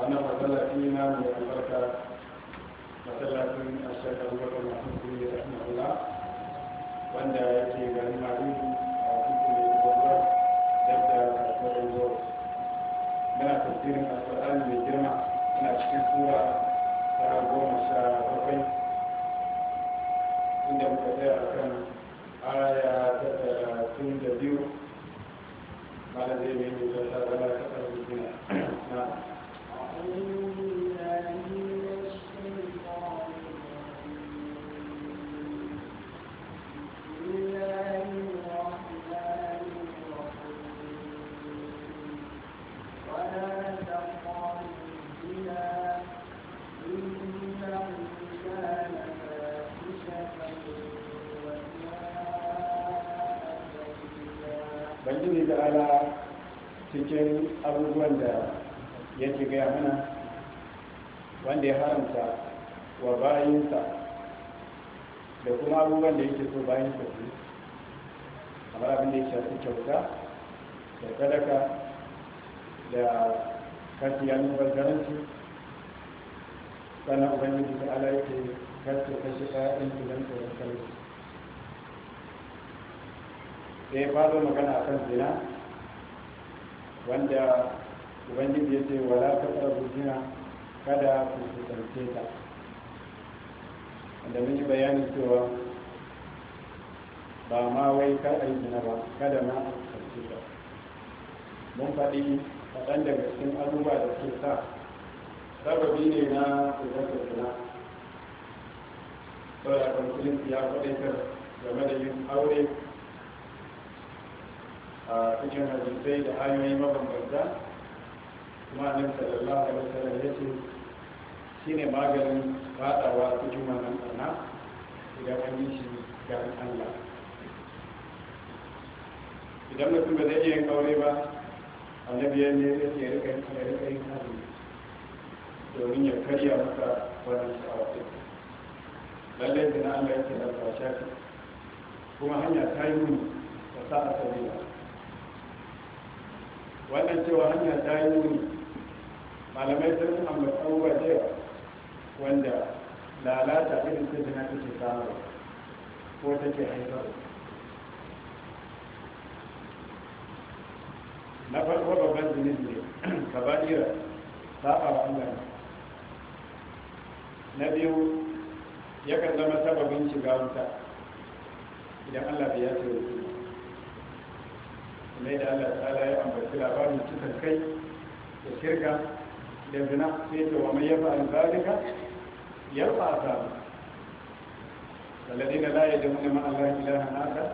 ana matsalafi na mai albarka masu wanda ya ke garin maribu a cikin babbar dabda a muna mai girma muna cikin tura ta goma sha bakwai a kan aya ta talatin da biyu قال زي ما يقول cikin abubuwan da ya ci gaya mana wanda ya haramta wa bayansa da kuma abubuwan da yake so bayansa su kamar abin da ya shafi kyauta da sadaka da kasiya mubazzaranci sannan ubangiji ta ala yake kasu kashi ɗayan tunan tsoron sarki sai ya fara eh, magana akan zina wanda ubangiji ya ce wala ta ƙarfi kada ku kusance ta wanda mun yi bayanin cewa ba ma wai kada yi ba kada na a ta mun faɗi kaɗan daga cikin abubuwa da ke sa sababi ne na kusantar zina saboda kan ya faɗaitar game da yin aure a cikin hadisai da hanyoyi mabambanta kuma annabi sallallahu alaihi wasallam ya ce shine maganin fadawa cikin wannan tsana idan an yi shi ga Allah idan mutum ba zai iya yin aure ba annabi ya ne ya ce rika ya rika yin azumi domin ya karya masa wannan sha'awa lallai da na Allah yake da kuma hanya ta yi muni da sa'a sabila wannan cewa hanya ta yi wuni malamai sun ambata abubuwa yawa wanda lalata irin ta jina take samu ko ke haifar na farko babban zinin ne ka ira ta a wannan na biyu yakan zama sababin shiga wuta idan Allah ya yace wuta mai da Allah ta'ala ya ambaci labarin cikin kai da shirka da zina sai ta wa mai yafa alzalika yarfa a samu والذين لا يدعون مع الله إلها آخر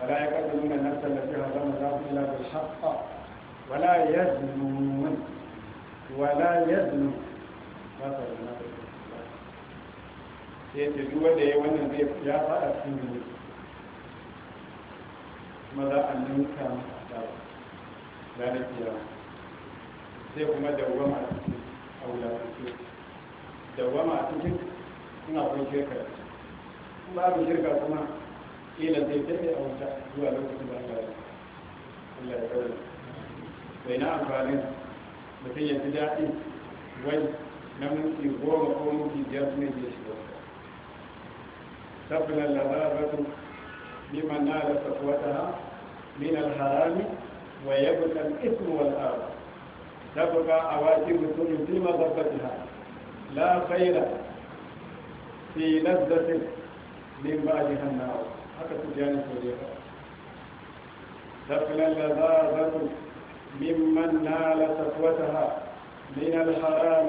ولا يقتلون النفس التي حرم الله إلا بالحق ولا يزنون ولا يزنون مثلا sai ta duk wanda ya wannan zai ya faɗa cikin kuma za a ninka da ranar kiyama sai kuma dawwama a cikin a wulatarsu dawwama a cikin suna kun shirka da su kuma abin shirka kuma ƙila zai daɗe a wuta zuwa lokacin da aka yi Allah ya kawo bai na amfani mutum ya ji daɗi wani na minti goma ko minti biyar ne zai shiga wuta a labarar لمن نال صفوتها من الحرام ويبقى الإثم والآب تبقى عواتب في مضبتها لا خير في لذة من بعدها النار حتى تجاني اليها تبقى لذاذة ممن نال صفوتها من الحرام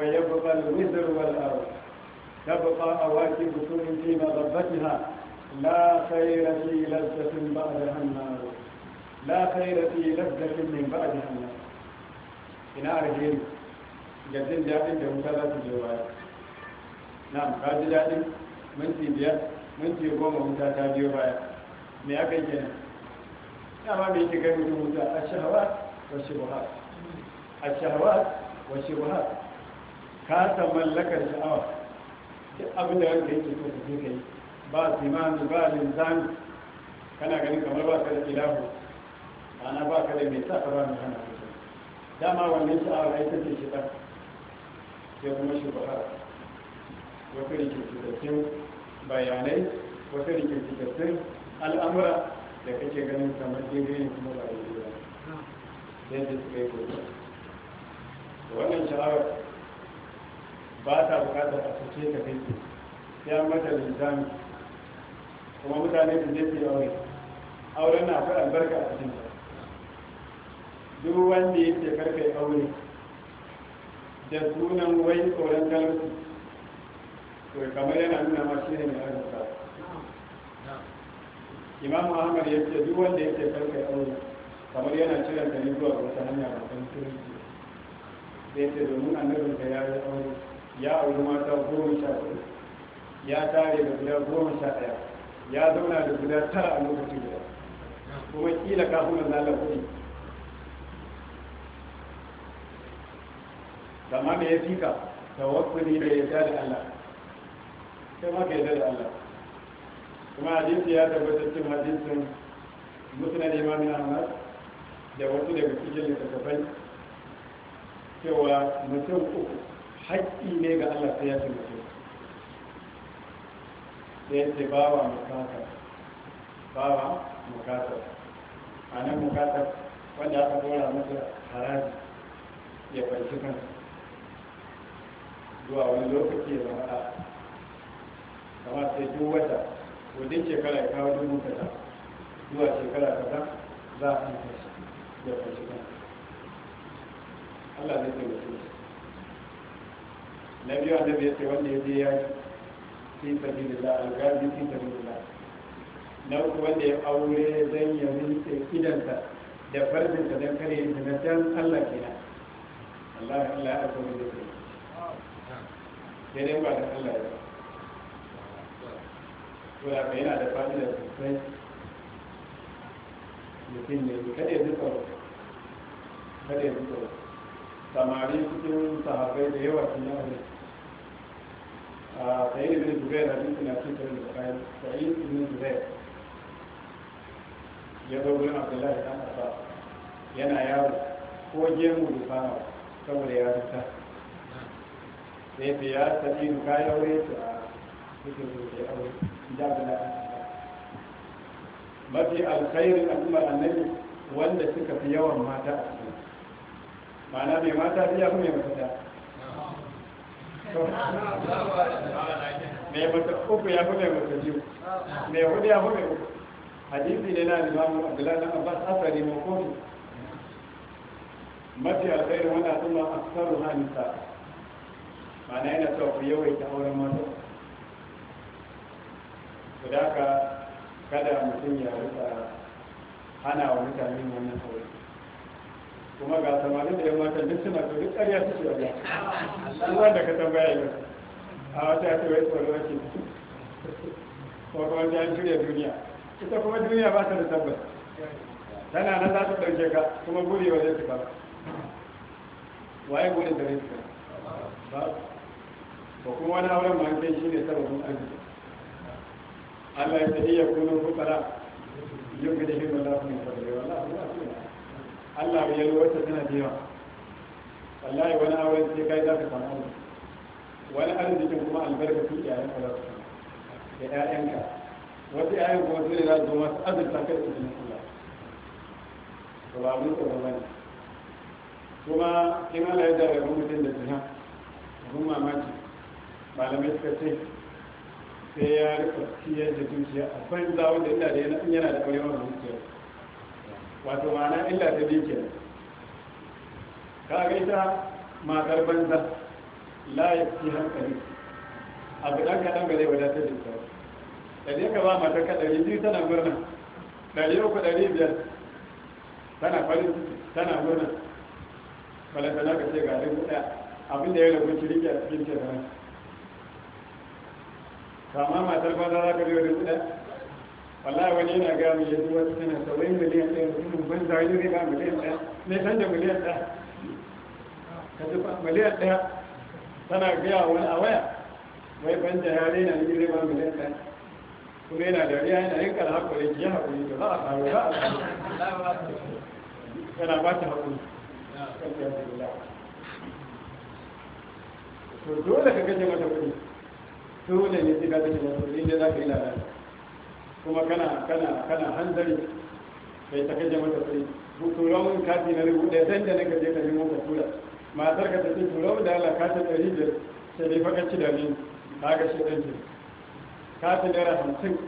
ويبقى الوزر والأرض تبقى أواكب في مضبتها لا خير في لذة بعدها النار لا خير في لذة من بعدها النار ina arhe ga jin daɗin da wuta za su je baya na ka ji daɗin minti wuta ta biyo baya me aka yi kenan dama me yake gani da wuta a shahawat wa shubuhat a shahawat wa shubuhat ka san mallakar sha'awa duk abin da ranka yake so ka je ka yi ba simami ba linzami kana ganin kamar ba ka da ilahu ana ba ka da mai sa ba mai hana kusa dama wannan sha'awar ai take shi ta sai kuma shi ba wasu rikicitattun bayanai wasu rikicitattun al'amura da kake ganin kamar daidai ne kuma ba daidai ba da suka yi kuma wannan sha'awar ba ta bukatar a sace ta kai sai an mata linzami kuma mutane da zai yi aure auren na fi albarka a cikin duk wanda ya ce karkai aure da sunan wai tsoron talauci to kamar yana nuna ma shi ne mai arzika imam muhammad ya ce duk wanda ya ce karkai aure kamar yana cire ta zuwa wata hanya ba kan kirki sai ce domin annabin da ya yi aure ya auri mata goma sha ya tare da guda goma sha daya ya zauna da guda tara a lokacin da kuma kila kafin manzo Allah kuɗi amma me ya fika tawakkuli da ya da Allah sai maka ya da Allah kuma hadisi ya tabbatar cin hadisin musnad imam Ahmad da wasu daga cikin littattafai cewa mutum uku haƙƙi ne ga Allah sai ya mutum sai ba wa mukatar ba wa mukatar a nan mukatar wanda aka dora masa haraji ya kwanci kansa zuwa wani lokaci da zama ɗa kamar sai duk wata wajen shekara ya kawo dubu kaza zuwa shekara kaza za a yi kashi ya kwanci kansa Allah zai taimake shi na biyu annabi ya ce wanda ya je yaki fi wanda ya aure zan ya rinse idanta da don kare yin Allah Allah Allah ya kuma da kai ba da Allah ya to ya kai yana da fa'ida sosai mutum ne kada ya kada ya samari cikin sahabbai da yawa sun yi سعيد بن زبير حديث من أكيد بن زبير سعيد بن زبير يدعو بن عبد الله بن عباس ينا يارو هو جيمو بفانو سوى ليارو sai ya tafi in ka aure ta a cikin zuciya aure da da mafi alkhairin al'ummar annabi wanda suka fi yawan mata a cikin ma'ana mai mata fiya kuma mai mata uku ya fi mai mata biyu mai hudu ya fi mai uku hadisi ne na limamu abdullahi na abbas asali makomi mafi alkhairu wanda sun ma ha ma'ana yana cewa ku auren mata ku da kada mutum ya rika hana wa mutane wannan aure kuma ga samanin da yamma matan duk suna to duk ƙarya su ce wajen su wanda ka tambaya yau a wata ya ce wai wani ake ko kuma ta shirya duniya ita kuma duniya ba ta da tabbas tana na za ta ɗauke ka kuma guri wa zai ba waye guri da rai ba ko kuma wani auren ma kai shi ne sababin arziki Allah ya ce iya kunun fukara yau ku himmar lafiya Allah ya yi wata tana biya wallahi wani auren sai kai za ka samu arziki wani arzikin kuma albarkatu iyayen ka za su da ƴaƴanka wasu ƴaƴan kuma sai ne za su zo masu azurta kai su jini kula to ba mu tsoro ba ne kuma in Allah ya jarabi mutum da jiha abin mamaki malamai suka ce sai ya rika ciyar da dukiya a banza wanda inda da yana da ƙwarewa da dukiya wato ma'ana illa ta biyu kenan ka ga ita matar banza la ya fi hankali a ɗan kaɗan ba zai wadatar da ita da ne ka ba mata kaɗari biyu tana murna ɗari uku ɗari biyar tana farin tana murna balantana ka ce ga dubu ɗaya abinda ya rabu ki rike a cikin kenan kama matar banza za ka biyo dubu ɗaya wallahi wani yana gaya mai yanzu wata tana saurin miliyan ɗaya mutumin ban zai zai ba miliyan ɗaya ne san da miliyan ɗaya ka zuba miliyan ɗaya tana biya wani a waya wai ban da yare na ni zai ba miliyan ɗaya kuma yana dariya yana yin kar haƙuri ki yi haƙuri to za a faru za a faru yana ba ta haƙuri to dole ka gaje mata kuɗi dole ne sai ka gaje mata kuɗi inda za ka yi lalata kuma kana kana kana hanzari sai ta kaje mata sai turon kati na rubu ɗaya san da naka je ka nemo ka tura matar ka tafi turon da Allah ta ɗari da sai dai faka ci da ni ka ga shi ɗan ka ta dara hamsin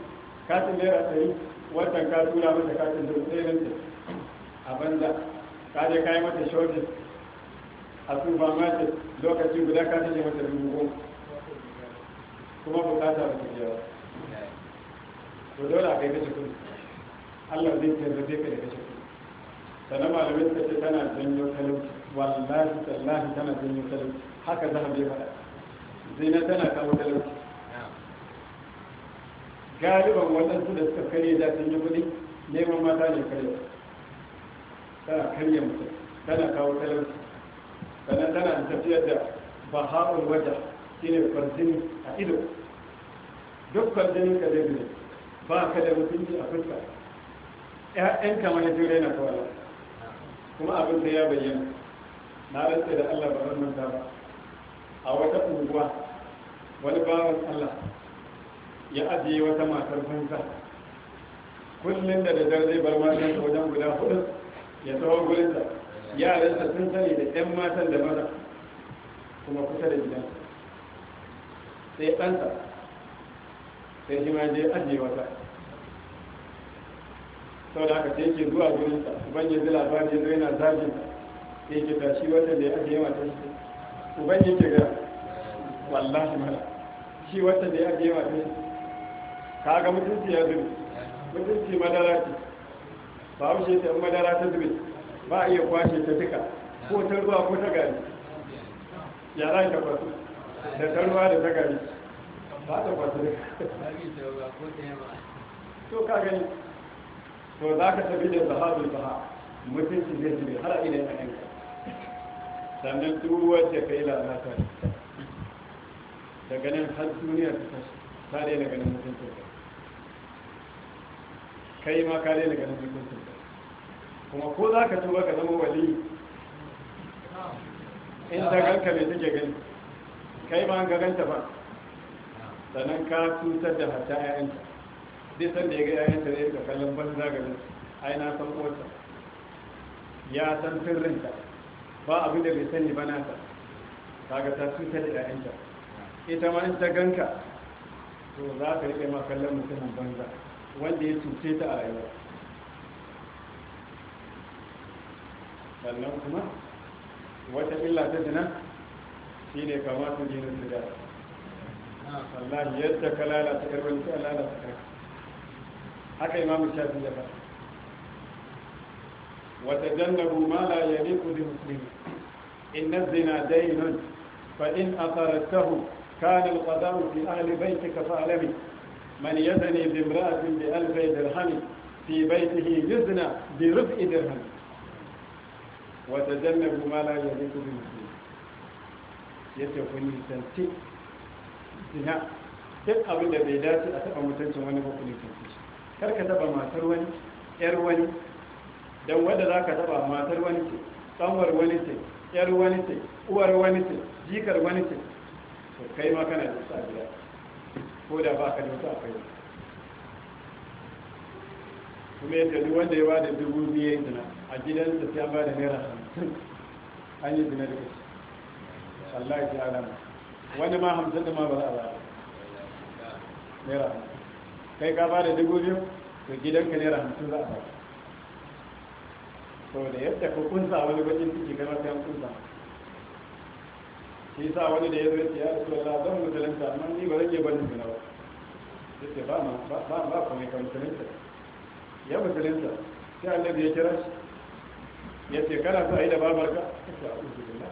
ta dara sai watan ka tura mata ta da ɗaya ranta a banza ka je ka yi mata shoji a supermarket lokaci guda ka je mata dubu goma kuma bukata ba ta biya ba to dole a kai kashe kuɗi Allah zai taimake ka da kashe kuɗi sannan malamin suka ce tana janyo talauci wallahi tallahi tana janyo talauci haka za a bai faɗa zina tana kawo talauci galiban waɗansu da suka karye da sun yi kuɗi neman mata ne karye tana karye mutum tana kawo talauci sannan tana tafiyar da baha'ul waja shine kwarjini a ido duk kwarjinin ka zai ba ka da mutunci a fuska ƴaƴan kama na jure na kawai kuma abin da ya bayyana na rantse da Allah ba zan manta ba a wata unguwa wani bawan Allah ya ajiye wata matar banza kullum da daddare zai bar matan wajen guda hudu ya tsawon gurinta yaransa sun sani da 'yan matan da maza kuma kusa da gidansa sai ɗansa sai shi ma je ajiye wata sau da aka ce yake zuwa gurinsa uban ya ji labari zai zo yana zagin ya ke shi wata da ya ajiye mata shi uban ke ga wallahi mana shi wata da ya ajiye mata shi ka ga mutunci ya zubi mutunci madara ce ba wuce ta madara ta zubi ba a iya kwashe ta duka ko ta ruwa ko ta gari yara ta kwasu da ta ruwa da ta gari ba ta kwatar to ka gani to za ka tafi da zahabin baha mutunci zai zube har idan a yanka sannan turuwar da kai lalata ne. daga nan har duniya ta tashi ta daina ganin mutuncin ka kai ma ka daina ganin mutuncin ka kuma ko za ka tuba ka zama wali in ta ganka mai take gani kai ma an gaganta ba sannan ka cutar da hata yayanta duk san da ya ga yayanta da kallon ban zagarin ai na san uwarta ya san sirrinta ba abin da bai sani ba ta, kaga ta cutar da yayanta ita ma in ta ganka to za ka rike ma kallon mutumin banza wanda ya cuce ta a rayuwa sannan kuma wata illa ta jina shi ne kamata jinin da. wallahi yadda ka lalata yar wani sai lalata kai haka imam shafi ya faɗa wata jannabu ma la yaliqu bi muslimi in zina daynun fa in atharatahu kana al fi ahli baytika fa'lami man yadani bi imra'atin bi alfi dirhamin في بيته يزنى بربع درهم وتجنبوا ما لا يليق بالمسلم يتقني سنتي ina duk abin da bai dace a taɓa mutuncin wani ba kuma kar ka taɓa matar wani yar wani don wadda za ka taɓa matar wani ce tsanwar wani ce yar wani ce uwar wani ce jikar wani ce to kai ma kana da sa biya ko da ba ka da wata akwai kuma yadda duk wanda ya ba da dubu biyu ya zina a gidan da ta ba da naira hamsin an yi zina da kashi Allah ya ji alama wani ma hamsin da ma ba za a ba naira kai ka ba da dubu biyu to gidanka naira hamsin za a ba to da yadda ku kunsa wani bakin ciki kana ta yan kunsa shi sa wani da ya zo ya rasu Allah zan musulunta amma ni ba zan iya barin zina ba yace ba ma ba ba ku mai musulunta ya musulunta sai annabi ya kira shi Ya ce kana a yi da babarka Ba a'udhu billah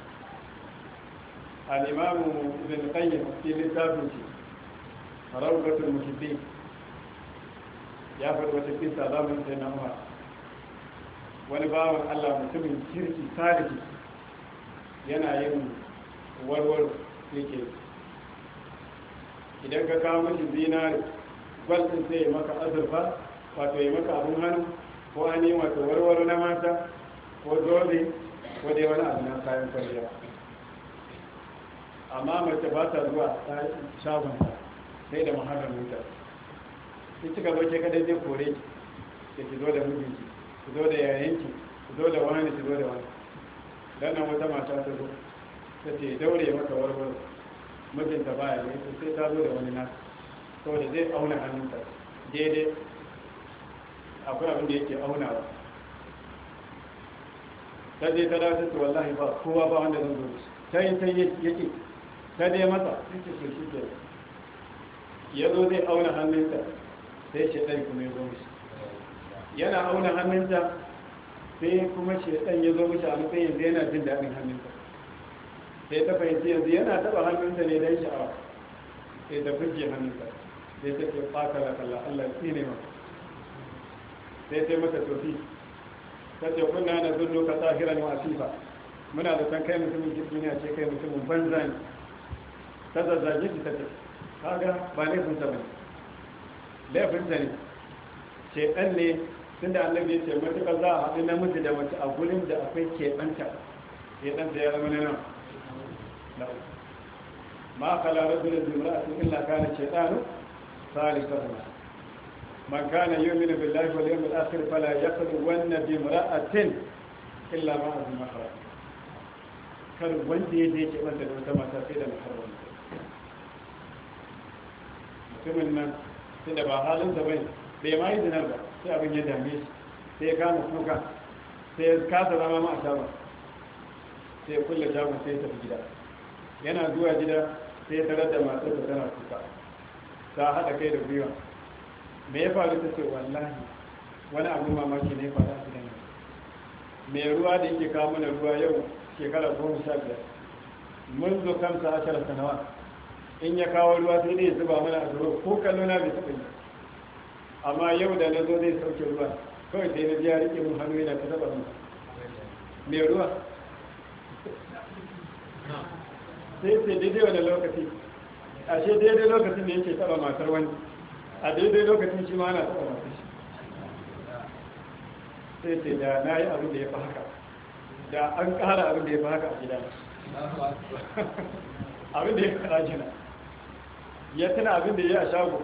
al'imamu bin qayyim fi littafin shi rawdatul muhibbin ya faɗi wata kisa zamanin sai na umar wani bawan allah mutumin kirki salihi yana yin warwar yake idan ka kawo mashi zinari gwaltin sai ya maka azurfa wato ya maka abin hannu ko an yi wato warwaro na mata ko dole ko dai wani abu na kayan kwalliya amma mace ba ta zuwa ta, sai da muhammadu ta ki ci gaba ke kadai zai kore ki da ki zo da mijinki ki zo da yayinki ki zo da wani ki zo da wani dan nan wata mata ta zo ta ce daure mata warwar mijinta baya ne sai ta zo da wani nasu saboda zai auna hannunta daidai akwai abin da yake auna ba ta je ta dace wallahi ba kowa ba wanda zan zo ta yi ta yi yake ka dai masa sun ce shi ke. ya zo zai auna hannunsa sai shaɗan kuma ya zo mishi yana auna hannunsa sai kuma shaɗan ya zo mishi a matsayin yanzu yana jin daɗin hannunsa sai ta fahimci yanzu yana taɓa hannunsa ne don sha'awa sai ta fuske hannunsa sai ta ce fata da kalla allah tsine ma sai ta yi mata tofi ta ce kunna na zurdo ka tsahiran wa asifa muna da san kai mutumin jirgin ya ce kai mutumin banza ne kaza zage ki ta tafi kaga ba laifin ta bane laifin ta ne ce ɗan ne tunda annabi ya ce mutuka za a haɗu na namiji da wata a gurin da akwai keɓanta ke dan da ya mana na nan ma kala rajul jumra'a illa kana shaytanu salikahu man kana yu'minu billahi wal yawmil ya fala yaqdu wan nabi mara'atin illa ma'a al-mahram kar wanda yake ke banta da wata mata sai da mahramin mutumin nan tun da ba halinsa bai bai ma yi zinar ba sai abin ya dame shi sai ya kama kuka sai ya kasa zama ma a shagon sai ya kulle shagon sai ya tafi gida yana zuwa gida sai ya tarar da masu da tana kuka ta haɗa kai da gwiwa me ya faru ta ce wallahi wani abu mamaki ne faru a gidan mai ruwa da yake kawo mana ruwa yau shekara goma sha biyar mun zo kamsa shara sanawa in ya kawo ruwa sai ne zuba mana a zuwa ko kallo na bai taɓa yi amma yau da na zo zai sauke ruwa kawai sai na biya rike mun hannu yana ta taɓa mu mai ruwa sai sai daidai wani lokaci ashe daidai lokacin da yake taɓa matar wani a daidai lokacin shi ma ana taɓa matar shi sai sai da na yi abin da ya fi haka da an ƙara abin da ya fi haka a gida abin da ya fi haka ya tuna abin da ya a shago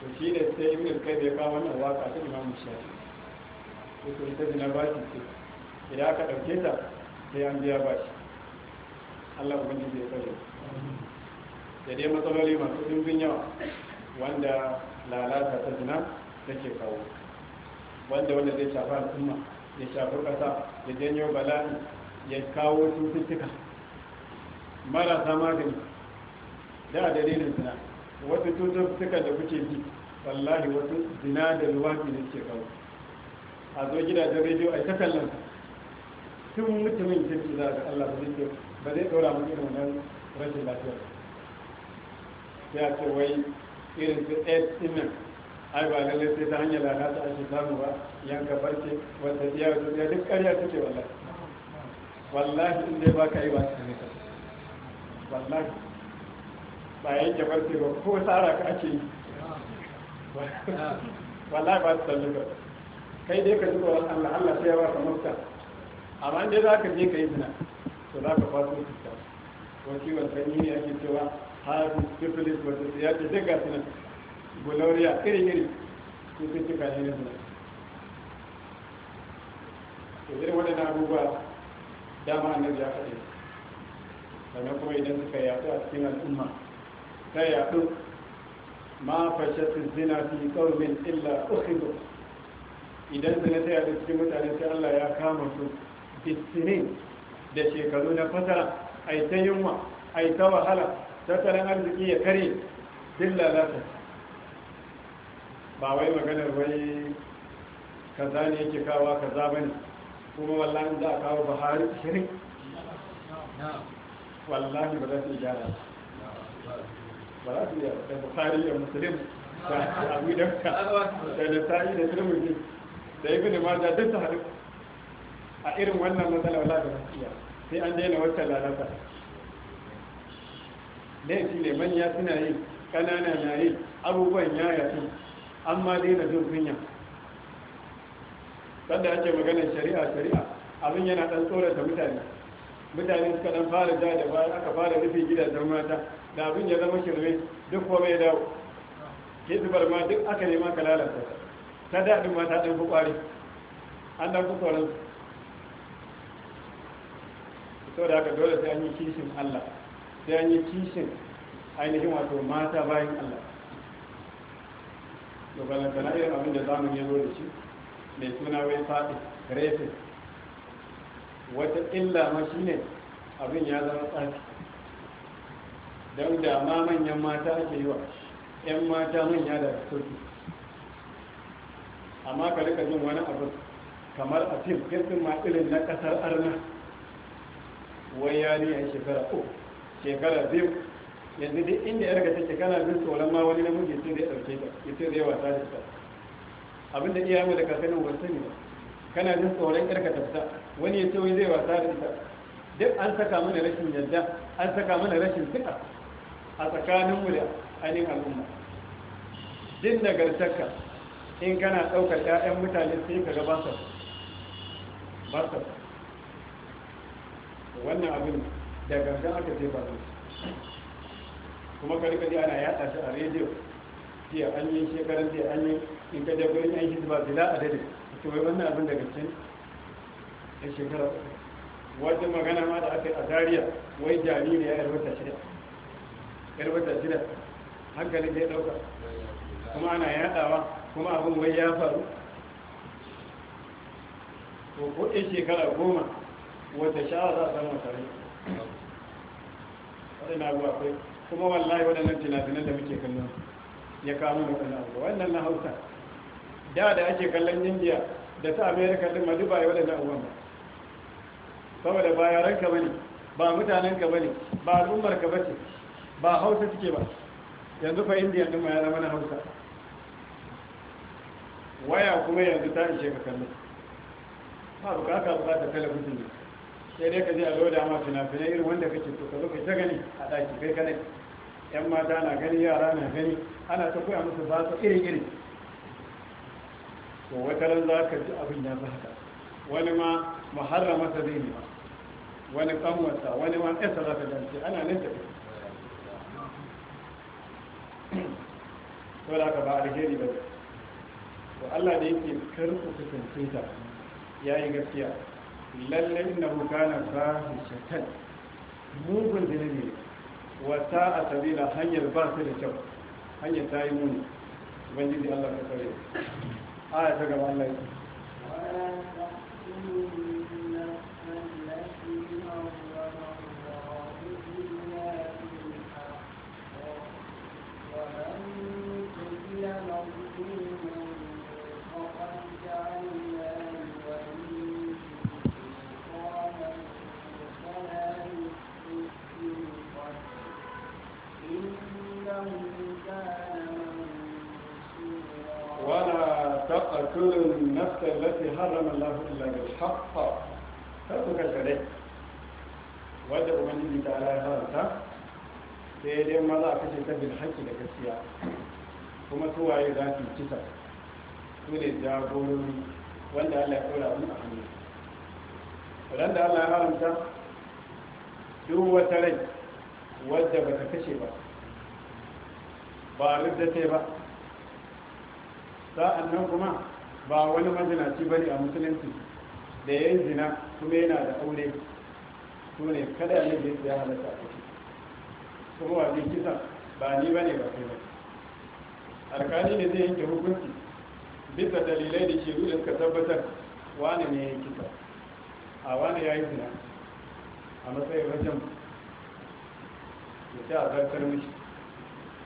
to shi ne sai ibn kai da ya kawo wannan waka ta imam shafi to ita zina ba shi ce idan aka ɗauke ta sai an biya ba shi Allah ubangiji zai tsare da dai matsaloli masu dimbin yawa wanda lalata ta zina take kawo wanda wanda zai shafa al'umma ya shafi ƙasa ya janyo bala'i ya kawo cututtuka marasa magani da dalilin zina wasu cututtuka da kuke bi wallahi wata zina da luwafi ne ke kawo a zo gidajen rediyo a ta kallon tun mutumin jirgin za ga Allah ba ke ba zai ɗora mutum irin wannan rashin lafiyar ya ce wai irin su aids ɗin ai ba lalle sai ta hanyar lalata ake samu ba yanka barke wata iya wata ya duk ƙarya suke wallahi wallahi in dai ba ka yi ba su ne ka wallahi ba yanke barci ba ko tsara ka ake yi wallahi ba su tsalli ba kai dai ka zuba wasu allah allah sai ya ba ka mafita amma dai za ka je ka yi zina to za ka kwaso fuska ko kiwon sanyi ne ake cewa har syphilis wata ya ce duk ga sunan gulauriya iri-iri cututtuka ne na zina to irin waɗannan abubuwa dama annabi ya faɗi sannan kuma idan suka yaɗu a cikin al'umma ta yaɗu ma fashatun zina fi ƙaunin illa ukhidu idan zina ta yaɗu cikin mutane sai Allah ya kama su bisirin da shekaru na fasara ai ta yunwa ai ta wahala tattalin arziki ya kare za lalata ba wai maganar wai kaza ne yake kawa kaza bane kuma wallahi za a kawo bahari shirin wallahi ba za su gyara ba za su iya da bukari da musulun da abu da ka da da sa'i da turmuzi da ibn maja duk su haɗu a irin wannan matsala wala da gaskiya sai an daina wata lalata laifi ne manya suna yi kanana na yi abubuwan ya yato amma daina jin kunya sanda ake maganar shari'a shari'a abin yana ɗan tsorata mutane mutane suka dan fara ja da baya aka fara nufi gidajen mata da abin ya zama shirme duk kome ya dawo zubar ma duk aka nema ka lalata ta daɗin mata ɗan fi ƙwari an ɗan fi tsoron so da aka dole sai an yi kishin allah sai an yi kishin ainihin wato mata bayan allah to balantana irin abin da zamani ya zo da shi mai suna wai faɗi refin wata illa ma shine abin ya zama tsaki. don da ma manyan mata ake yi wa 'yan mata manya da sauki amma ka rika jin wani abu kamar a fim fim ma irin na kasar arna wai ya ne yan shekara ko shekara biyu yanzu duk inda ya rika ta shekara biyu tsoron ma wani namiji sai zai ɗauke ta ita zai wasa da ta abinda iya mu da kasanin wasu ne kana jin tsoron yarka ta fita wani ya ce wai zai wasa da ita duk an saka mana rashin yarda an saka mana rashin suka? a tsakaninmu da ainihin al'umma din nagartarka in kana ɗaukar 'ya'yan mutane sai ka ga ba sa wannan abin da gangan aka ce ba kuma ka rika ana yaɗa shi a rediyo jiya an yi shekaran jiya an yi in ka je gurin yan hizba a dade ita wai wannan abin daga cikin da shekara wata magana ma da aka yi a zariya wai jariri ya yarwata shida yarwata shida hankalin ya dauka kuma ana yadawa kuma abin wai ya faru ko ko in shekara goma wata sha'a za a samu tare waɗanda abuwa akwai kuma wallahi waɗannan finafinan da muke kallon ya kama da waɗannan abuwa wannan na hausa da da ake kallon indiya da ta amerika din ma duba ya waɗannan abubuwan ba saboda ba yaranka bane ba mutanenka bane ba al'ummarka bace ba hausa suke ba yanzu fa indiya din ma ya zama na hausa waya kuma yanzu ta ishe ka kallon ba bukata bukatar talabijin ne sai dai ka je a loda ma fina-finai irin wanda kake so ka zo ka ta gani a ɗaki kai kadai yan mata na gani yara na gani ana ta koya musu ba su iri-iri to wata ran za ka ji abin ya zaka haka wani ma muharrama ta zai ne ba wani kanwarsa wani ma ƙasa za ta dance ana nan tafi ko da aka ba alheri ba to Allah da yake karku kasance ya yayi gaskiya lalle innahu kana fahishatan mugun zalimi wa sa'a sabila hanyar ba su da kyau hanyar ta yi muni ubangiji Allah ka kare aya ta gaba Allah ya nafsa allati harrama Allah illa bil haqq ta ubangiji ta ala haranta sai dai maza a kashe ta bil haqqi da gaskiya kuma su waye za su kisa su ne jagorori wanda Allah ya kora mu a hannu Wanda Allah ya haramta duk wata rai wadda ba ta kashe ba ba a rubda ba sa'an nan kuma ba wani mazinaci bane a musulunci da ya zina kuma yana da aure su ne kada ne da ya halatta a ciki kuma wa zai kisa ba ni ba ne ba kai ba alkali ne zai yanke hukunci bisa dalilai da shiru da suka tabbatar wani ne ya yi kisa a wani ya yi zina a matsayin rajin da ta zartar mishi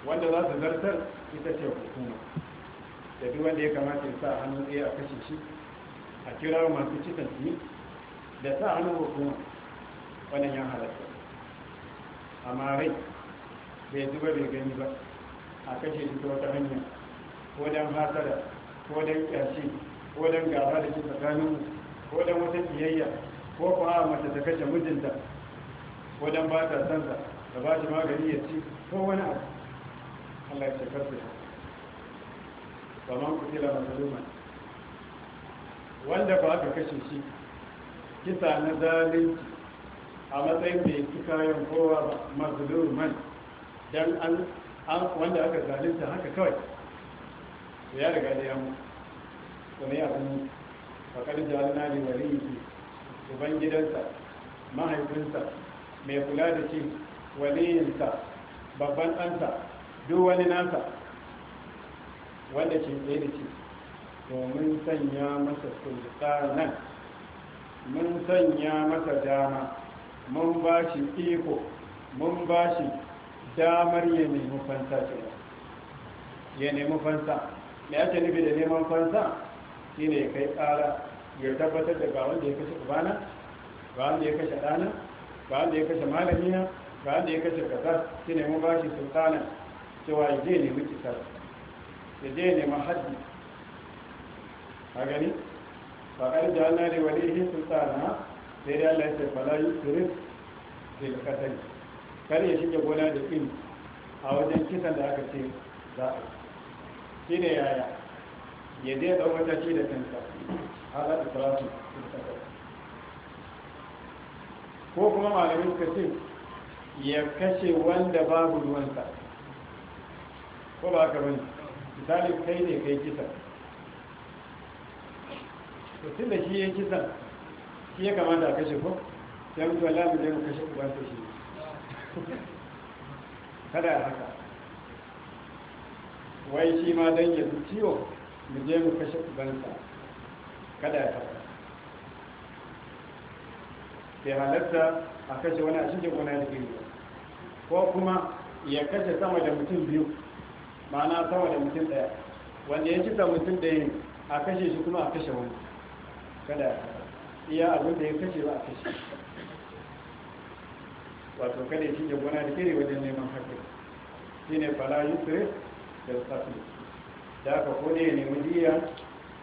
wanda za su zartar ita ce hukuma da duk wanda ya kamata ya sa hannu ɗaya a kashe shi a kira masu cikin su da sa hannu hukuma wannan ya halatta amma rai bai zuba bai gani ba a kashe shi ta wata hanya ko don hasara ko don ƙyashi ko don gaba da shi tsakaninmu ko don wata kiyayya ko kuma mace ta kashe mijinta ko don ba ta sansa da ba shi magani ya ci ko wani abu Allah ya shekar su kamar kutila mazluman wanda ba aka kashe shi kisa na zalunci a matsayin da yake kayan kowa ba dan an wanda aka zalunta haka kawai ya riga da ya mu kuma ya zama fakar jalina ne wali uban gidansa mahaifinsa mai kula da shi waliyinsa babban ɗansa duk wani nasa wanda ke tsaye da shi domin sanya masa sultanan mun sanya masa dama mun ba shi iko mun ba shi damar ya nemi fansa ce ya nemi fansa me ake nufi da neman fansa shine ya kai tsara ya tabbatar da ga wanda ya kashe ubana ga wanda ya kashe ɗana ga wanda ya kashe malamina ga wanda ya kashe kaza shine mun ba shi sultanan cewa ya je nemi kisar ya je neman haddi a gani ba ƙari da Allah ne wani ihe sun sa na sai dai Allah ya ce fala yi da ya da kasani kar ya shige gona da in a wajen kisan da aka ce za a shi ne yaya ya je ɗan wata ce da kansa har da salatu ko kuma malamin suka ce ya kashe wanda babu ruwansa ko ba ka bane misali kai ne kai kisan to tun da shi ya kisan shi ya kamata a kashe ko sai mutu Allah mu je mu kashe ubansa shi kada ya haka wai shi ma don ya ciwo mu je mu kashe ubansa kada ya haka sai halatta a kashe wani a cikin wani ya ko kuma ya kashe sama da mutum biyu ma'ana sama da mutum ɗaya wanda ya cika mutum ɗaya a kashe shi kuma a kashe wani kada iya abin da ya kashe ba a kashe wato kada ya cinye gona da kere wajen neman haƙƙi shi ne yi yusuf da safi da aka kone ya nemi diya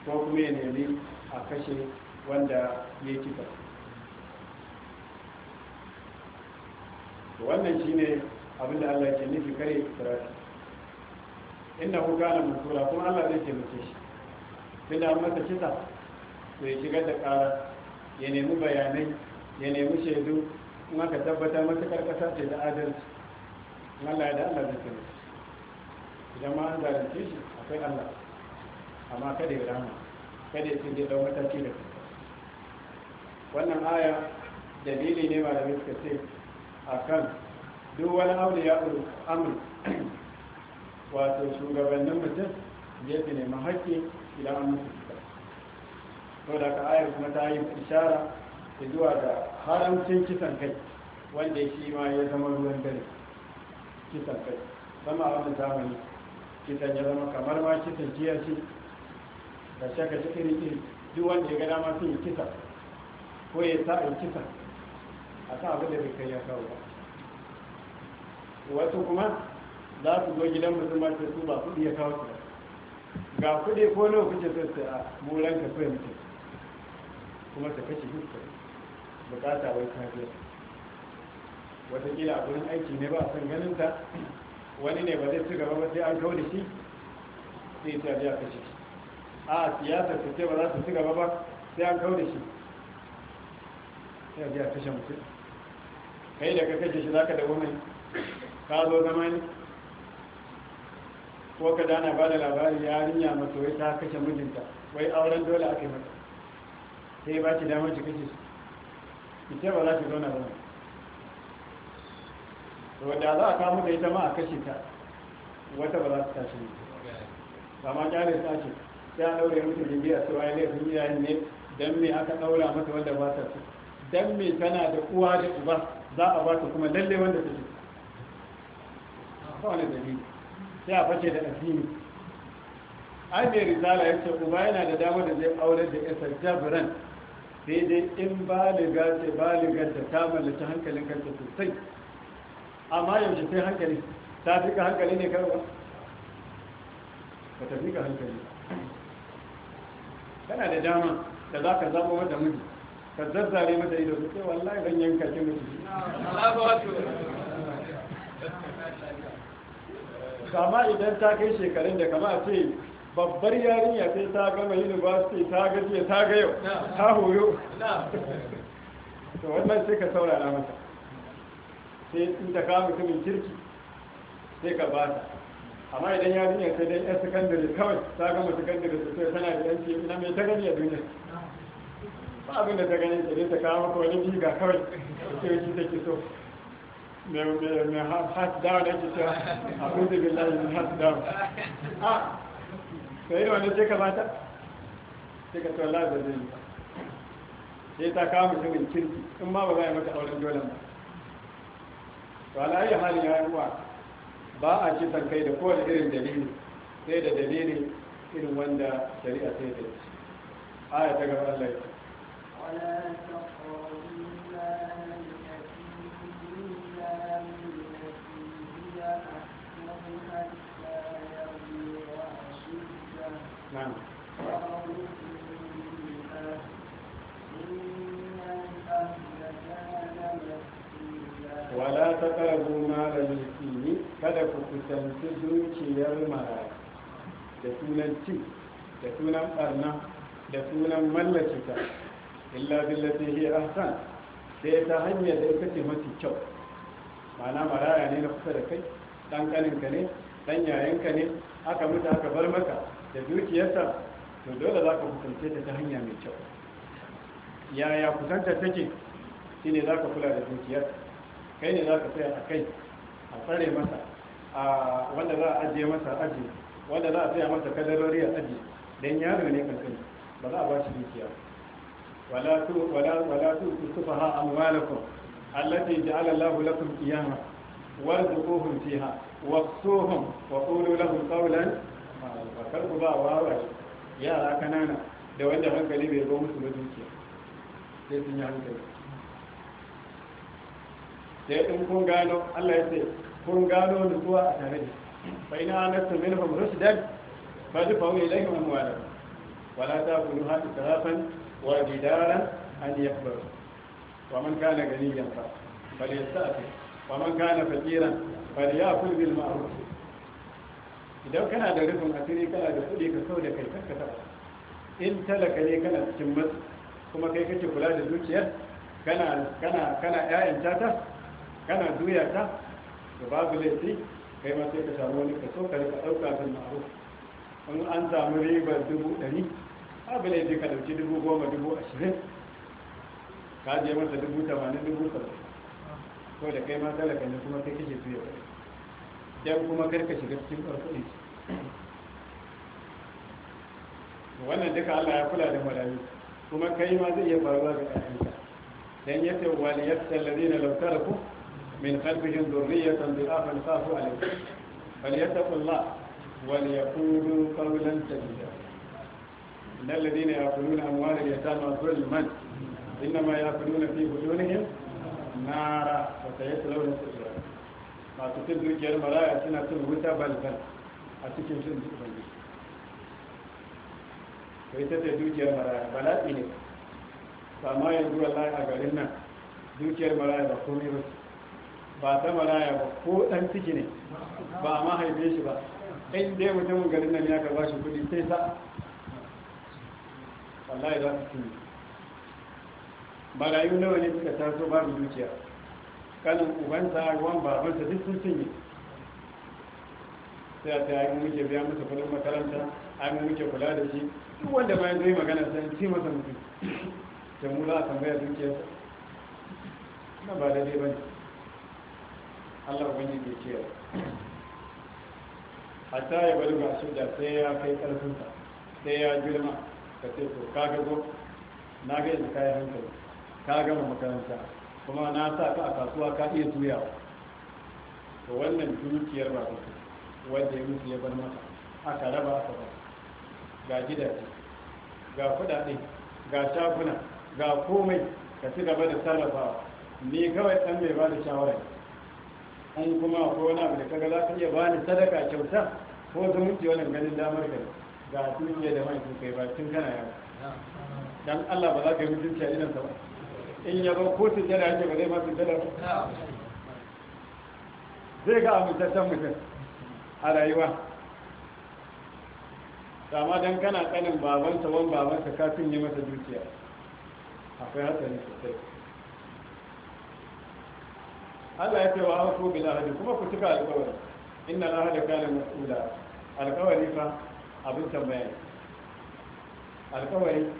ko kuma ya nemi a kashe wanda ya cika wannan shi ne abin da allah ke nufi kare israfi inda ku gane mutura kuma allah zai taimake shi tunda an masa kisa to ya shigar da ƙara ya nemi bayanai ya nemi shaidu in aka tabbatar matuƙar ƙasa ce da adalci in allah ya da allah zai taimake idan ma an zalunce shi akwai allah amma kada ya rama kada ya tsinke ɗau mataki da kanka wannan aya dalili ne da suka ce a kan duk wani aure ya amur wato shugabannin mutum ya fi neman haƙƙi idan an mutu fita to da ayar kuma ta yi ishara da zuwa da haramcin kisan kai wanda shi ma ya zama ruwan dare kisan kai Zama abin zamani kisan ya zama kamar ma kisan jiya ce da shaka cikin iri duk wanda ya gada masu yi kisa ko ya sa a yi kisa a sa abu da bai kai ya kawo ba wasu kuma za su zo gidan mutum ma ce su ba kuɗi ya kawo su ga kuɗi ko nawa kuke so su a muran ka kai mutum kuma ta kashe hukka bukata wai ta biya wataƙila a gurin aiki ne ba a son ganin ta wani ne ba zai ci gaba ba sai an kawo da shi sai ta biya kashe shi a siyasar ta ce ba za su ci gaba ba sai an kawo da shi sai a biya kashe mutum kai da ka kashe shi za ka da wani ka zo zama ne ko ka dana ba da labari yarinya mata wai ta kashe mijinta wai auren dole aka yi mata sai ba ki damar ki kashe su ita ba za ta zauna ba to da za a kamu da ita ma a kashe ta wata ba za ta tashi ne ba ma kyale ta ce sai a daure mutum da biya su wani laifin iyayen ne dan me aka daura mata wanda ba ta so dan me tana da uwa da uba za a ba ta kuma lalle wanda ta ce? ba wani dalili sai a fashe da asini ai mai risala ya ce uba yana da dama da zai aure da yasa jabiran sai dai in baliga ce baligar da ta mallaki hankalin kanta sosai amma yaushe sai hankali ta fi ka hankali ne karwa ba ta fi ka hankali kana da dama da za ka zaɓa wadda miji ka zazzare mata ido su ce wallahi zan yanka ki miji amma idan ta kai shekarun da kama a ce babbar yarinya sai ta gama university ta gajiya ta ga yau ta horo to wannan sai ka saurara mata sai in ta kama mutumin kirki sai ka bata amma idan yarinya sai dai yan sakandare kawai ta gama sakandare su sai tana da yanci ina mai ta gani a duniya ba abin da ta gani sai ta kama maka wani biga kawai sai wani take so mai hadda da ke cewa abin da bin lalin hadda a sai wani ce ka mata sai ka tsawon lalata zai yi sai ta kawo mutumin kirki in ma ba za a yi mata auren dole ba to alayi halin ya yi uwa ba a ci kai da kowane irin dalili sai da dalili irin wanda shari'a sai da shi aya ta gaba Allah ya ce نعم wala ta karabu mara yutini kada ku kusanci zuciyar mara da sunan ci da sunan barna da sunan mallaci ta illa billati hi ahsan sai ta hanyar da ita ce mafi kyau mana maraya ne na kusa da kai dan kaninka ne dan yayanka ne aka mutu aka bar maka da dukiyarsa to dole za ka kusance ta ta hanya mai kyau yaya kusantar take shi ne za ka kula da dukiyar kai ne za ka tsaya a kai a tsare masa a wanda za a ajiye masa aji wanda za a tsaya masa kadarori a aji don yaro ne kankan ba za a ba shi dukiya wala tu wala wala tu kusufaha amwalakum allati ja'ala Allahu lakum qiyama warzuquhum fiha waqsuhum wa qulu lahum qawlan kar ku ba wawa yara kanana da wanda hankali bai zo musu dukiya sai sun yi hankali sai in kun gano Allah ya ce kun gano zuwa a tare da fa ina anastu minhum rushdan fa dufu ilayhim amwalahum wala ta'kuluha israfan wa bidaran an yakbaru wa man kana ganiyan fa falyasta'fi wa man kana faqiran falyakul bil ma'ruf idan kana da rufin asiri kana da kuɗi ka sau da kai kanka taɓa in talaka ne kana cikin matsi kuma kai kake kula da zuciyar kana kana kana ƴaƴanta ta kana juya ta da babu laifi kai ma sai ka samu wani kaso ka rika ɗauka sun ma'aruf in an samu ribar dubu ɗari babu laifi ka ɗauki dubu goma dubu ashirin ka je masa dubu tamanin dubu saba'in ko da kai ma talaka ne kuma kai kake juya kuɗi dan kuma karka shiga cikin farfadin wannan duka Allah ya kula da marayu kuma kai ma zai iya faruwa ga ɗanka min bi afan ladina zulman fi nara masu cin dukiyar maraya suna cin wuta balbal a cikin cin ubangiji to ita ce dukiyar maraya bala'i ne ba sama yanzu wallahi a garin nan dukiyar maraya ba komai ba ba ta maraya ba ko dan ciki ne ba a mahaife shi ba in dai mutumin garin nan ya karba shi kudi sai sa wallahi za su cinye marayu nawa ne suka taso babu dukiyar. kanin ubansa ruwan babansa duk sun cinye sai ta yi muke biya masa kudin makaranta an muke kula da shi duk wanda ma zai magana sai ci masa mutum ta mu a tambaya dukiyarsa na ba da ba ne allah wani ke cewa hatta ya bari ba su da sai ya kai karfinsa sai ya girma ka ce to ka gago na gaya yanzu kayan hankali ka gama makaranta kuma na sa ka a kasuwa ka iya juyawa to wannan dukiyar ba ta wanda ya musu ya bar mata aka raba aka ba ga gidaje ga kudade ga shaguna ga komai ka ci gaba da sarrafawa ni kawai san mai ba da shawara an kuma ko wani abu da kaga za ka iya ba ni sadaka kyauta ko zumunci wannan ganin damar ka ga dukiya da mai kai ba tun kana yawa dan Allah ba za ka yi mutunci a idan ba in ya ba ko sujjada yake ba zai ma sujjada zai ga amintaccen mutum a rayuwa dama don kana tsanin babansa wani babansa kafin yi masa dukiya akwai hatsari sosai Allah ya ce wa hafu bil ahadi kuma ku cika alƙawari inna al-ahada kana mas'ula alƙawari fa abin tambaya alƙawari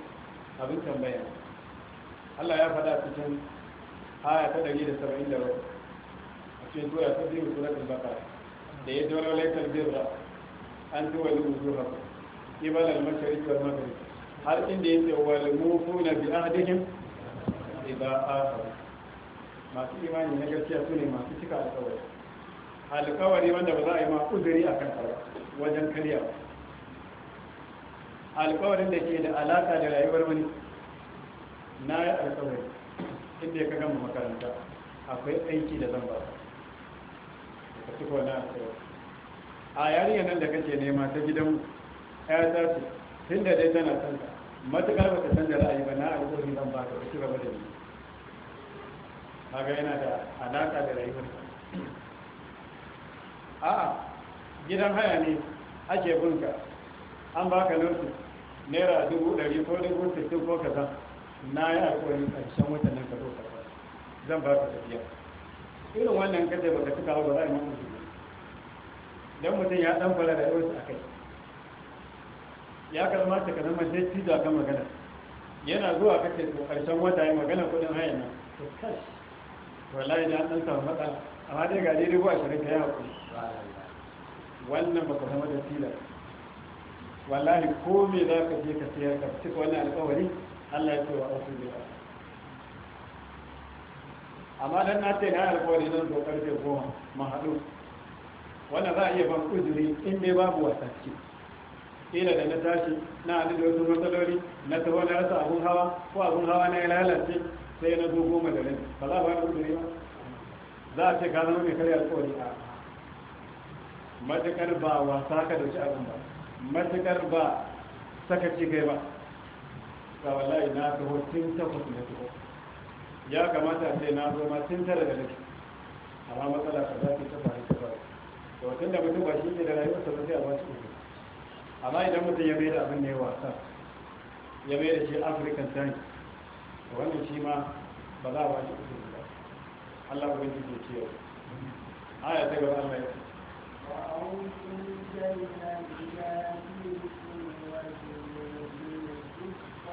abin tambaya Allah ya faɗa cikin aya ta 177 a cikin sura ta biyu suratul baqara da ya dole laifin birra an wani wujuhakum qibala al-mashriq wal maghrib har inda yake wal mufuna bi ahdihim idza ahadu masu imani na gaskiya su ne masu cika alkawari alkawari wanda ba za a yi ma uzuri a kan wajen karyawa alkawarin da ke da alaka da rayuwar wani na yi alkawari inda ka gama makaranta akwai aiki da zan ba ka ci ko na alkawari a yari nan da kake nema ta gidan ya ta ce tun da dai tana son ka matuƙar ba ta canza ra'ayi ba na alkawari zan ba ta ci gaba da ni kaga yana da alaƙa da rayuwar a'a gidan haya ne ake bunka an baka nufi naira dubu ɗari ko dubu sittin ko kaza na yi alƙawarin karshen watan nan ka zo ka zan ba ka tafiya irin wannan ka ci cika ba za a yi mutu dan mutum ya dan fara da a akai ya ta ka zama sai da kan magana yana zuwa kace to karshen wata yi magana kuɗin hayan nan to kash wallahi da an dan samu matsala amma dai ga dai dubu ashirin ka yi hakuri wannan ba ka zama da tilas wallahi ko me za ka je ka sayar ka cika wannan alƙawari Allah ya ce wa ɗansu ne amma dan na ce na alkawari zan zo karfe goma mahaɗu wanda za a iya ban kujiri in ne babu ce ina da na tashi na haɗu da wasu matsaloli na taho na rasa abun hawa ko abun hawa na ya lalace sai na zo goma da ba za a bani kujiri ba za a ce ka zama mai karya alkawari a matuƙar ba wasa ka da shi abin ba matuƙar ba saka ci kai ba ga wallahi na taho tun takwas na taho ya kamata sai na zo ma tun tara da nake amma matsala ka za ta tafa ta faru da watan da mutum ba shi ne da rayuwarsa ba sai a ba uku amma idan mutum ya mai da abin da ya wasa ya mai da shi african time to wannan shi ma ba za a ba shi uku ba Allah ba ji ke ciwo aya ta gaba Allah ya ce wa'awun sun jai na gida biyu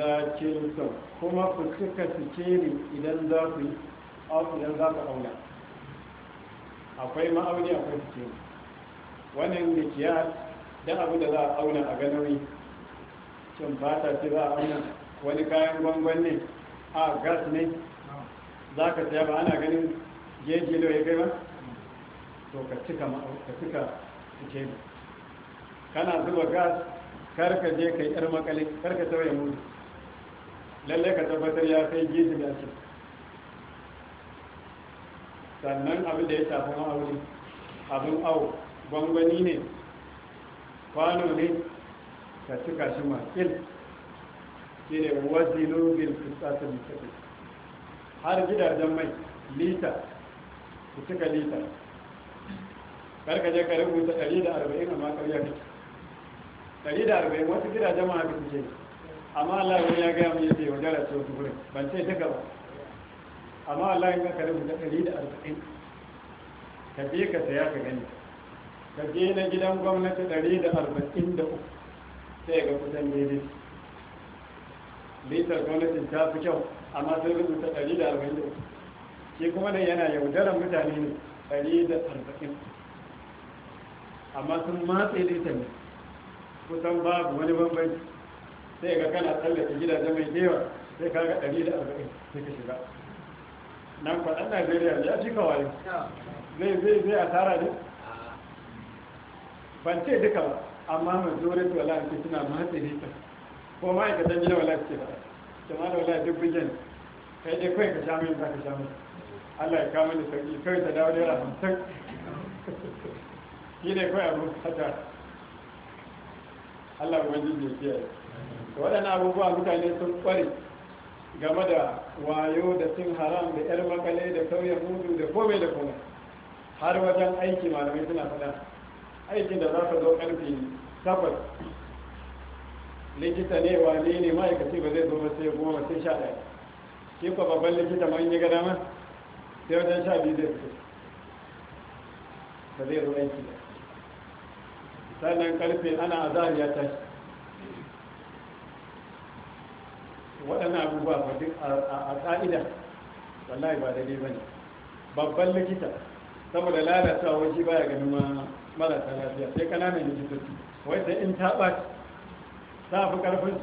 idza kiltum kuma ku cika ceri idan za ku yi idan za ku auna akwai ma'auni akwai sikeli wannan da kiya don abu da za a auna a ganawi cin fata ce za a auna wani kayan gwangwan ne a gas ne za ka saya ba ana ganin geji da ya kai ba to ka cika ka cika sikeli kana zuba gas karka je ka yi yar makale karka tawaye mutu lallai ka tabbatar ya kai gizi da ake sannan abin da ya shafi ma'auri abin au gwangwani ne kwano ne ka cika shi makil shi ne wazilu bil da tafi. har gidajen mai lita su cika lita karkaje ka rubuta 140 amma makar kake 140 wasu gidajen ma haka ne amma Allah ya gaya mun yace wadara ce wata gurin ban ce ta gaba amma Allah ya ka rubuta ɗari da arba'in ka je ka saya ka gani ka je na gidan gwamnati ɗari da arba'in da uku sai ga kusan daidai litar gwamnatin ta fi kyau amma sai rubuta ɗari da arba'in da uku shi kuma nan yana yaudarar mutane ne ɗari da arba'in amma sun matse litar ne kusan babu wani bambanci sai ga kana tsallake gidajen mai yawa sai ka ga 140 sai ka shiga nan kwaɗan najeriya ya ci kawai zai zai zai a tara ne ban ce duka ba amma majority wala ake suna matsiri ta ko ma ma'aikatan gina wala ce ba jama'a da wala duk bijan kai dai kawai ka sha min za ka sha min allah ya kama da sauki kawai ta dawo naira tak shi ne kawai abu hata allah ubangiji ya kiyaye waɗannan abubuwa mutane sun kware game da wayo da cin haram da yar makale da sauya mudu da komai da komai har wajen aiki malamai suna faɗa aikin da za ka zo ƙarfi takwas likita ne wane ne ma'aikaci ba zai zo ba sai goma sai sha ɗaya shi ko babban likita ma in yi gada ma sai wajen sha biyu zai fito ba zai zo aiki ba sannan ƙarfe ana azahar ya tashi waɗannan abubuwa ba duk a ƙa'ida wallahi ba daidai ba ne babban likita saboda lalatawa shi baya ganin marasa lafiya sai ƙananan likitoci wai sai in ta ɓaci ta fi ƙarfin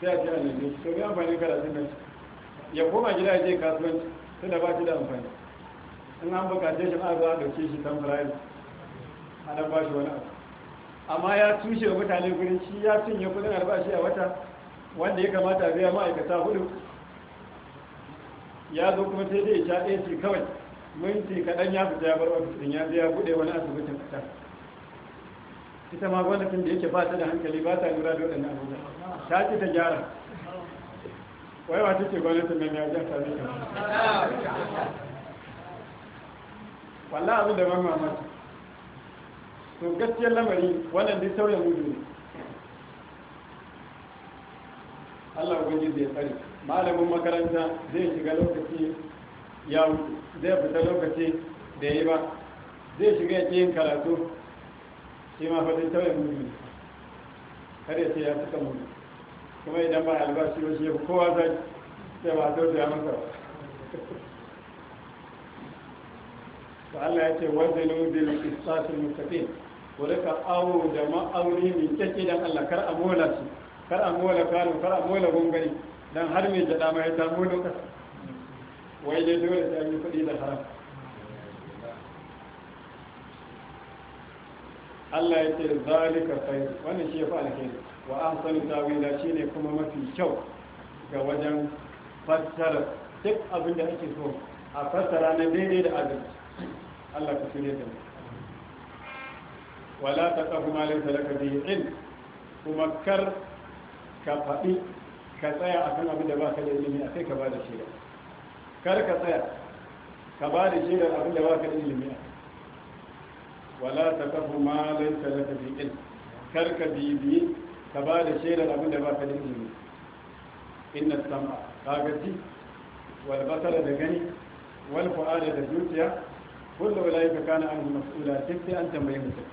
sai a ce a nemi shi to bi amfani karatun nan ya koma gida ya je kasuwanci sai da ba shi da amfani in an bukace shi ma zuwa a dauke shi tamfurari a nan ba shi wani abu amma ya tushe mutane gurin shi ya cinye kudin albashi a wata wanda ya kamata a biya ma'aikata hudu ya zo kuma sai dai ya ɗaya ce kawai minti kaɗan ya fita ya bar ofisin ya biya buɗe wani asibitin fita ita ma gwamnatin da yake fata da hankali ba ta lura da waɗannan abubuwa ta ce ta gyara wai ta ce gwamnatin nan ya jan sami ta wallah abin da ban mamaki to gaskiyar lamari wannan duk sauyin gudu ne Allah gwaji zai tsari malamin makaranta zai shiga lokaci ya zai fita lokaci da yi ba zai shiga ya yin karatu shi ma fadin tawai mutu kar ya ce ya suka mutu kuma idan ba albashi ba shi ya kowa zai sai ba sau ya masa ba Allah ya ce wanda wazinu bil qisasil ko da ka awo da ma'auni mai kake dan Allah kar a mola shi kar a mola kano kar a mola gongani dan har mai jada mai ya samu lokaci wai dai dole sai an yi kuɗi da haram Allah ya ce zalika kai wannan shi ya fi alheri wa ahsanu shi shine kuma mafi kyau ga wajen fassara duk abin da ake so a fassara na daidai da adalci Allah ka shirye da mu wala ta ma laysa laka bihi ilm kuma kar ka faɗi ka tsaya akan abin da ba ka da ilimi a sai ka ba da shaida kar ka tsaya ka ba da shaidar abin da ba ka da ilimi a wala ta kafu ma laisa ta bi ilm kar ka bibiyi ka ba da shaidar abin da ba ka da ilimi inna sam'a ka gaji wal basara da gani wal fu'ada da zuciya kullu ka kana anhu mas'ula sai an tambaye mutum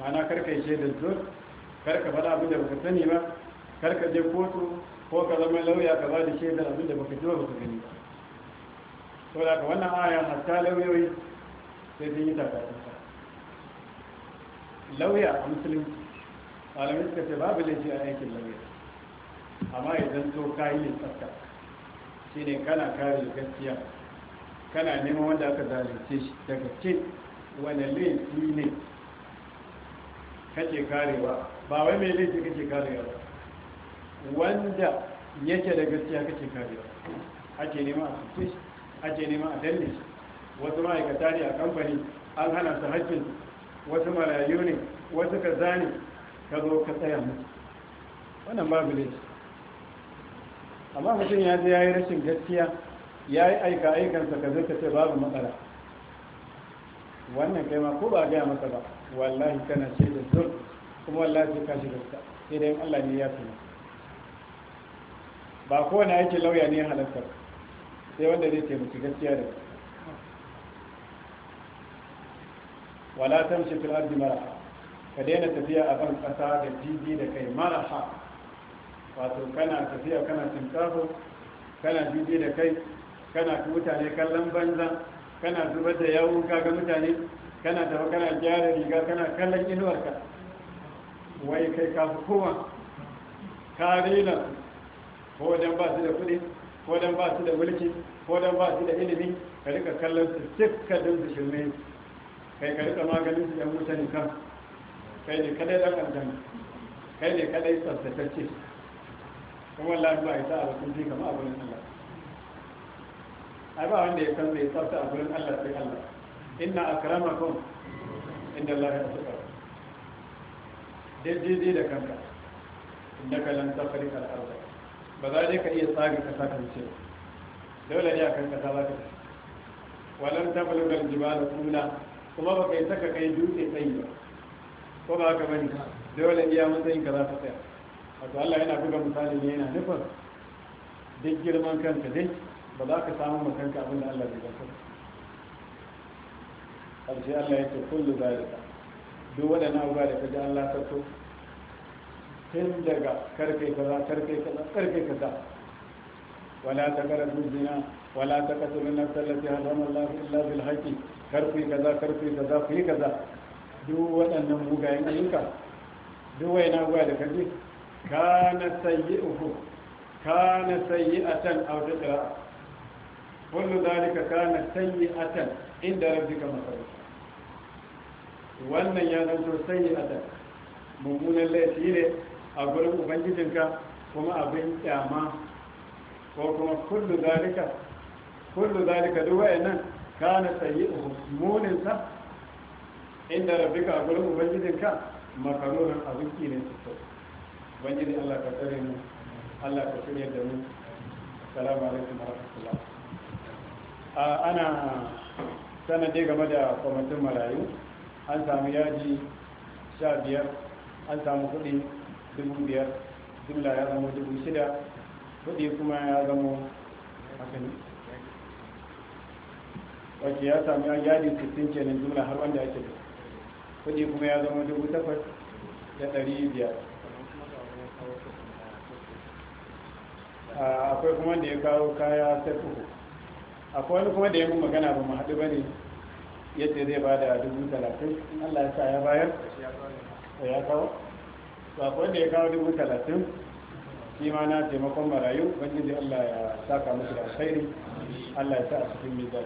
ma'ana karka yi shaidar zuciya kar ka faɗa abin da baka sani ba kar ka je kotu ko ka zama lauya ka ba da shaidar abin da baka ji ba baka gani ba da ka wannan aya hatta lauyoyi sai sun yi takatunta lauya a musulunci malamai suka ce babu laifi a aikin lauya amma idan to kayi tsafta shine kana kare gaskiya kana neman wanda aka zalunce shi daga ce wani laifi ne kake karewa ba wai mai laifi kake ba, wanda yake da gaskiya kake kariya ake nema a sufe shi ake nema a danne shi wasu ma'aikata ne a kamfani an hana su haƙƙin wasu marayu ne wasu ka zane ka zo ka tsaya musu wannan babu laifi amma mutum ya je ya yi rashin gaskiya ya yi aika aikansa ka zai ka ce babu matsala wannan kai ma ko ba gaya masa ba wallahi kana ce da zurfi kuma wallahi sai ka shiga sai dai Allah ne ya tsina ba kowane yake lauya ne halatta sai wanda zai taimaki gaskiya da wala tamshi fil ardi maraha ka daina tafiya a kan kasa da jiji da kai maraha wato kana tafiya kana tinkaho kana jiji da kai kana mutane kallon banza kana zubar da yawon kaga mutane kana tafiya kana gyara riga kana kallon inuwarka wai kai ka hukuma kowa ka rena ko dan ba su da kuɗi ko dan ba su da mulki ko dan ba su da ilimi ka rika kallon su dukkanin su shirme kai ka rika maganin su da mutane kan kai ne kadai dan aljanna kai ne kadai tsaftatacce kuma lafiya ya sa a ji kamar abin Allah ai ba wanda ya san zai tsafta a gurin Allah sai Allah inna akramakum inda Allah ya daidai da kanka inda ka lanta tafari al'arba ba za ka iya tsaga sa kan wuce dole ne a kan kasa za ka walar tabalin jima da kuna kuma ba kai saka kai dutse tsayi ba ko ba ka bani dole iya matsayin ka za ka tsaya wato Allah yana buga misali ne yana nufin duk girman kanka dai ba za ka samu makanka abin da Allah bai ba ƙarshe Allah ya ce kullu ta. duk waɗannan abubuwa da kaji Allah ta so tun daga karfe kaza karfe kaza karfe kaza wala ta kara zina wala ta kasu min tallafi, lati harama Allah illa bil haqqi karfe kaza karfe kaza fi kaza duk waɗannan mugayen ayyuka duk waɗannan abubuwa da kaji kana sayyi'uhu kana sayyi'atan aw tadra kullu dhalika kana sayyi'atan inda rabbika masarrufa wannan ya zanto sai a mummunan laifi ne a gurin ubangijinka kuma abin kyama ko kuma kullu zalika kullu zalika duk nan kana sayi munin sa inda rabbika a gurin ubangijinka makarorin abin kinin su ubangijin Allah ka tsare mu Allah ka shirya da mu assalamu alaikum warahmatullahi ana sanade game da kwamitin marayu an samu yaji sha biyar an samu kudi dubu biyar jumla ya zama dubu shida kuɗi kuma ya zama hakan wacce ya samu yaji sittin kenan jumla har wanda ya ce kudi kuma ya zama dubu takwas da ɗari biyar akwai kuma da ya kawo kaya sai akwai wani kuma da ya magana ba mu haɗu ba ne ya ce zai ba da dubu talatin allah ya sa ya bayar da ya kawo sakon da ya kawo dubu talatin shi ma na taimakon marayu wajen da allah ya saka musu da alkhairi allah ya sa a cikin mizani